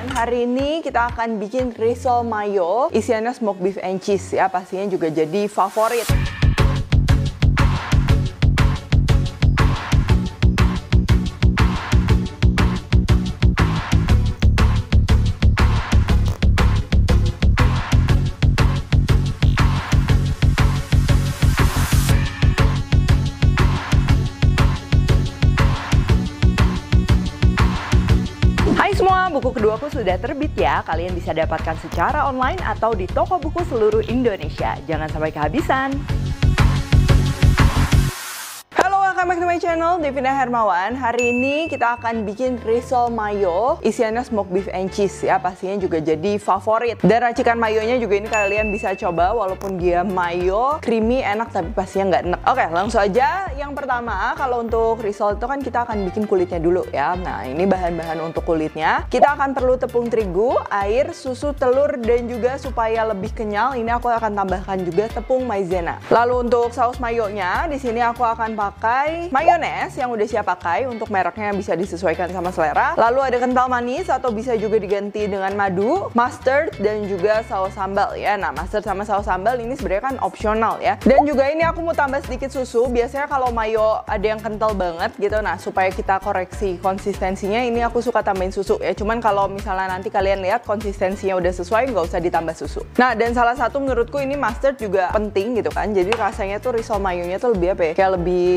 Hari ini kita akan bikin risol mayo, isiannya smoked beef and cheese ya, pastinya juga jadi favorit. sekarang buku keduaku sudah terbit ya. Kalian bisa dapatkan secara online atau di toko buku seluruh Indonesia. Jangan sampai kehabisan welcome back to my channel, Devina Hermawan. Hari ini kita akan bikin risol mayo, isiannya smoked beef and cheese ya, pastinya juga jadi favorit. Dan racikan mayonya juga ini kalian bisa coba, walaupun dia mayo, creamy, enak, tapi pastinya nggak enak. Oke, langsung aja. Yang pertama, kalau untuk risol itu kan kita akan bikin kulitnya dulu ya. Nah, ini bahan-bahan untuk kulitnya. Kita akan perlu tepung terigu, air, susu, telur, dan juga supaya lebih kenyal, ini aku akan tambahkan juga tepung maizena. Lalu untuk saus mayonya, di sini aku akan pakai pakai mayones yang udah siap pakai untuk mereknya bisa disesuaikan sama selera. Lalu ada kental manis atau bisa juga diganti dengan madu, mustard dan juga saus sambal ya. Nah, mustard sama saus sambal ini sebenarnya kan opsional ya. Dan juga ini aku mau tambah sedikit susu. Biasanya kalau mayo ada yang kental banget gitu. Nah, supaya kita koreksi konsistensinya ini aku suka tambahin susu ya. Cuman kalau misalnya nanti kalian lihat konsistensinya udah sesuai nggak usah ditambah susu. Nah, dan salah satu menurutku ini mustard juga penting gitu kan. Jadi rasanya tuh risol mayonya tuh lebih apa ya? Kayak lebih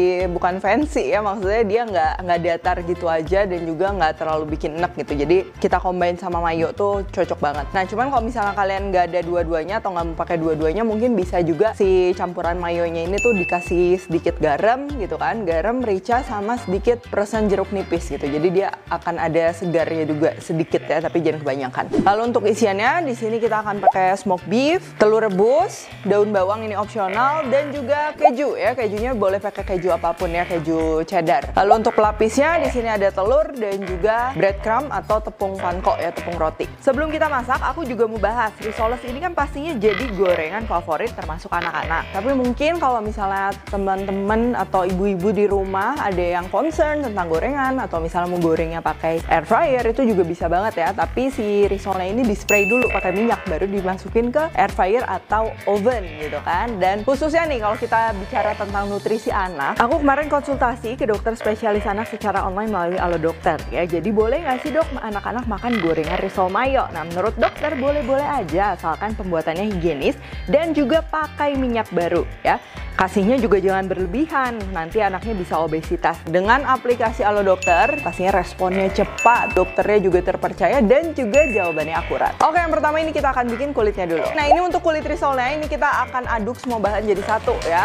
bukan fancy ya maksudnya dia nggak nggak datar gitu aja dan juga nggak terlalu bikin enak gitu jadi kita combine sama mayo tuh cocok banget nah cuman kalau misalnya kalian nggak ada dua-duanya atau nggak mau pakai dua-duanya mungkin bisa juga si campuran mayonya ini tuh dikasih sedikit garam gitu kan garam merica sama sedikit perasan jeruk nipis gitu jadi dia akan ada segarnya juga sedikit ya tapi jangan kebanyakan lalu untuk isiannya di sini kita akan pakai smoked beef telur rebus daun bawang ini opsional dan juga keju ya kejunya boleh pakai keju apapun daunnya keju cheddar. Lalu untuk pelapisnya di sini ada telur dan juga breadcrumb atau tepung panko ya, tepung roti. Sebelum kita masak, aku juga mau bahas risoles ini kan pastinya jadi gorengan favorit termasuk anak-anak. Tapi mungkin kalau misalnya teman-teman atau ibu-ibu di rumah ada yang concern tentang gorengan atau misalnya mau gorengnya pakai air fryer itu juga bisa banget ya. Tapi si risolnya ini di dulu pakai minyak baru dimasukin ke air fryer atau oven gitu kan. Dan khususnya nih kalau kita bicara tentang nutrisi anak, aku kemarin Saran konsultasi ke dokter spesialis anak secara online melalui Alo Dokter ya. Jadi boleh nggak sih dok anak-anak makan gorengan risol mayo? Nah menurut dokter boleh-boleh aja asalkan pembuatannya higienis dan juga pakai minyak baru ya. Kasihnya juga jangan berlebihan, nanti anaknya bisa obesitas. Dengan aplikasi Alo Dokter, pastinya responnya cepat, dokternya juga terpercaya dan juga jawabannya akurat. Oke, yang pertama ini kita akan bikin kulitnya dulu. Nah, ini untuk kulit risolnya ini kita akan aduk semua bahan jadi satu ya.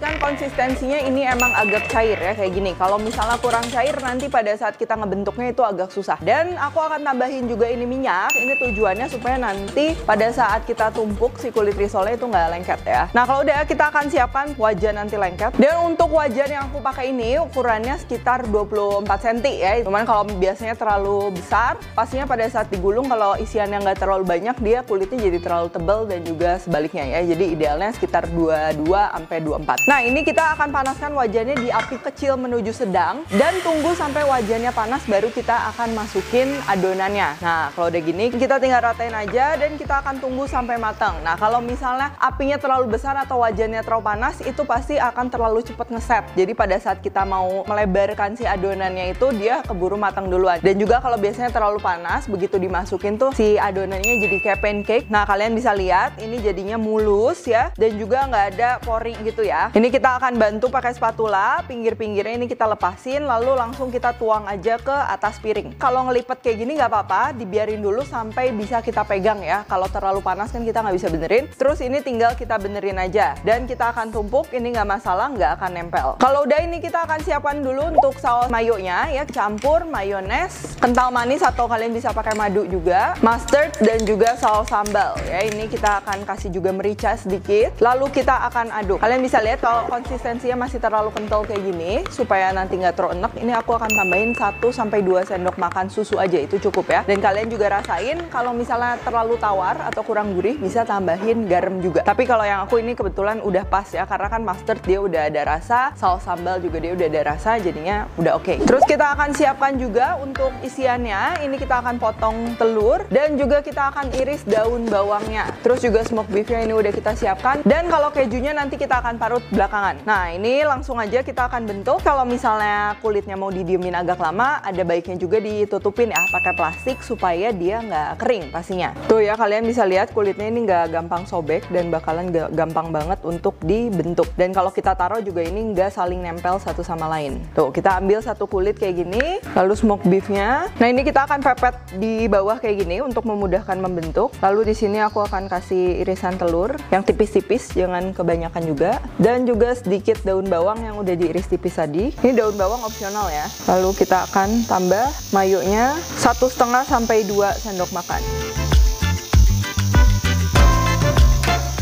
pastikan konsistensinya ini emang agak cair ya kayak gini. Kalau misalnya kurang cair nanti pada saat kita ngebentuknya itu agak susah. Dan aku akan tambahin juga ini minyak. Ini tujuannya supaya nanti pada saat kita tumpuk si kulit risolnya itu nggak lengket ya. Nah kalau udah kita akan siapkan wajan nanti lengket. Dan untuk wajan yang aku pakai ini ukurannya sekitar 24 cm ya. Cuman kalau biasanya terlalu besar, pastinya pada saat digulung kalau isiannya nggak terlalu banyak dia kulitnya jadi terlalu tebal dan juga sebaliknya ya. Jadi idealnya sekitar 22 sampai 24. Nah ini kita akan panaskan wajannya di api kecil menuju sedang dan tunggu sampai wajannya panas baru kita akan masukin adonannya. Nah kalau udah gini kita tinggal ratain aja dan kita akan tunggu sampai matang. Nah kalau misalnya apinya terlalu besar atau wajannya terlalu panas itu pasti akan terlalu cepat ngeset. Jadi pada saat kita mau melebarkan si adonannya itu dia keburu matang duluan. Dan juga kalau biasanya terlalu panas begitu dimasukin tuh si adonannya jadi kayak pancake. Nah kalian bisa lihat ini jadinya mulus ya dan juga nggak ada pori gitu ya. Ini kita akan bantu pakai spatula, pinggir-pinggirnya ini kita lepasin, lalu langsung kita tuang aja ke atas piring. Kalau ngelipet kayak gini nggak apa-apa, dibiarin dulu sampai bisa kita pegang ya. Kalau terlalu panas kan kita nggak bisa benerin. Terus ini tinggal kita benerin aja. Dan kita akan tumpuk, ini nggak masalah, nggak akan nempel. Kalau udah ini kita akan siapkan dulu untuk saus mayonya ya, campur mayones, kental manis atau kalian bisa pakai madu juga, mustard dan juga saus sambal ya. Ini kita akan kasih juga merica sedikit, lalu kita akan aduk. Kalian bisa lihat kalau konsistensinya masih terlalu kental kayak gini, supaya nanti nggak terlalu enak, ini aku akan tambahin 1 2 sendok makan susu aja itu cukup ya. Dan kalian juga rasain kalau misalnya terlalu tawar atau kurang gurih bisa tambahin garam juga. Tapi kalau yang aku ini kebetulan udah pas ya karena kan master dia udah ada rasa, saus sambal juga dia udah ada rasa jadinya udah oke. Okay. Terus kita akan siapkan juga untuk isiannya. Ini kita akan potong telur dan juga kita akan iris daun bawangnya. Terus juga smoke beefnya ini udah kita siapkan dan kalau kejunya nanti kita akan parut belakangan. Nah ini langsung aja kita akan bentuk. Kalau misalnya kulitnya mau didiemin agak lama, ada baiknya juga ditutupin ya pakai plastik supaya dia nggak kering pastinya. Tuh ya kalian bisa lihat kulitnya ini nggak gampang sobek dan bakalan gampang banget untuk dibentuk. Dan kalau kita taruh juga ini nggak saling nempel satu sama lain. Tuh kita ambil satu kulit kayak gini, lalu smoke beefnya. Nah ini kita akan pepet di bawah kayak gini untuk memudahkan membentuk. Lalu di sini aku akan kasih irisan telur yang tipis-tipis, jangan kebanyakan juga. Dan dan juga sedikit daun bawang yang udah diiris tipis tadi ini daun bawang opsional ya lalu kita akan tambah mayonya satu setengah sampai dua sendok makan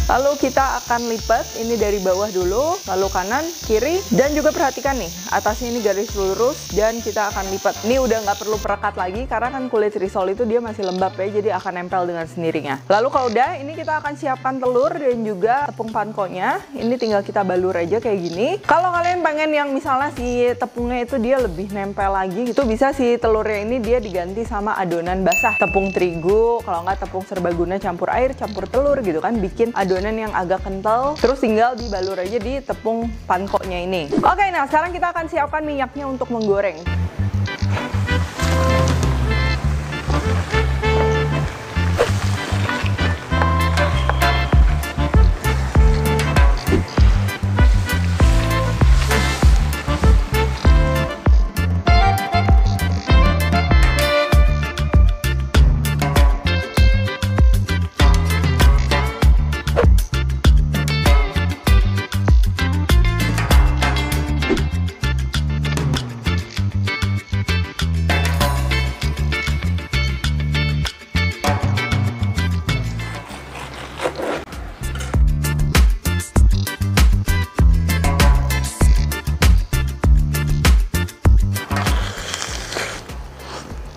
Lalu kita akan lipat ini dari bawah dulu, lalu kanan, kiri, dan juga perhatikan nih, atasnya ini garis lurus dan kita akan lipat. Ini udah nggak perlu perekat lagi karena kan kulit risol itu dia masih lembab ya, jadi akan nempel dengan sendirinya. Lalu kalau udah, ini kita akan siapkan telur dan juga tepung pankonya. Ini tinggal kita balur aja kayak gini. Kalau kalian pengen yang misalnya si tepungnya itu dia lebih nempel lagi itu bisa si telurnya ini dia diganti sama adonan basah. Tepung terigu, kalau nggak tepung serbaguna campur air, campur telur gitu kan, bikin adonan adonan yang agak kental terus tinggal dibalur aja di tepung pankoknya ini oke nah sekarang kita akan siapkan minyaknya untuk menggoreng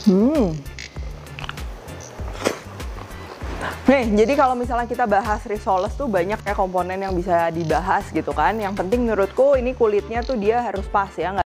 Hmm. Nih, jadi kalau misalnya kita bahas risoles tuh banyak ya komponen yang bisa dibahas gitu kan. Yang penting menurutku ini kulitnya tuh dia harus pas ya,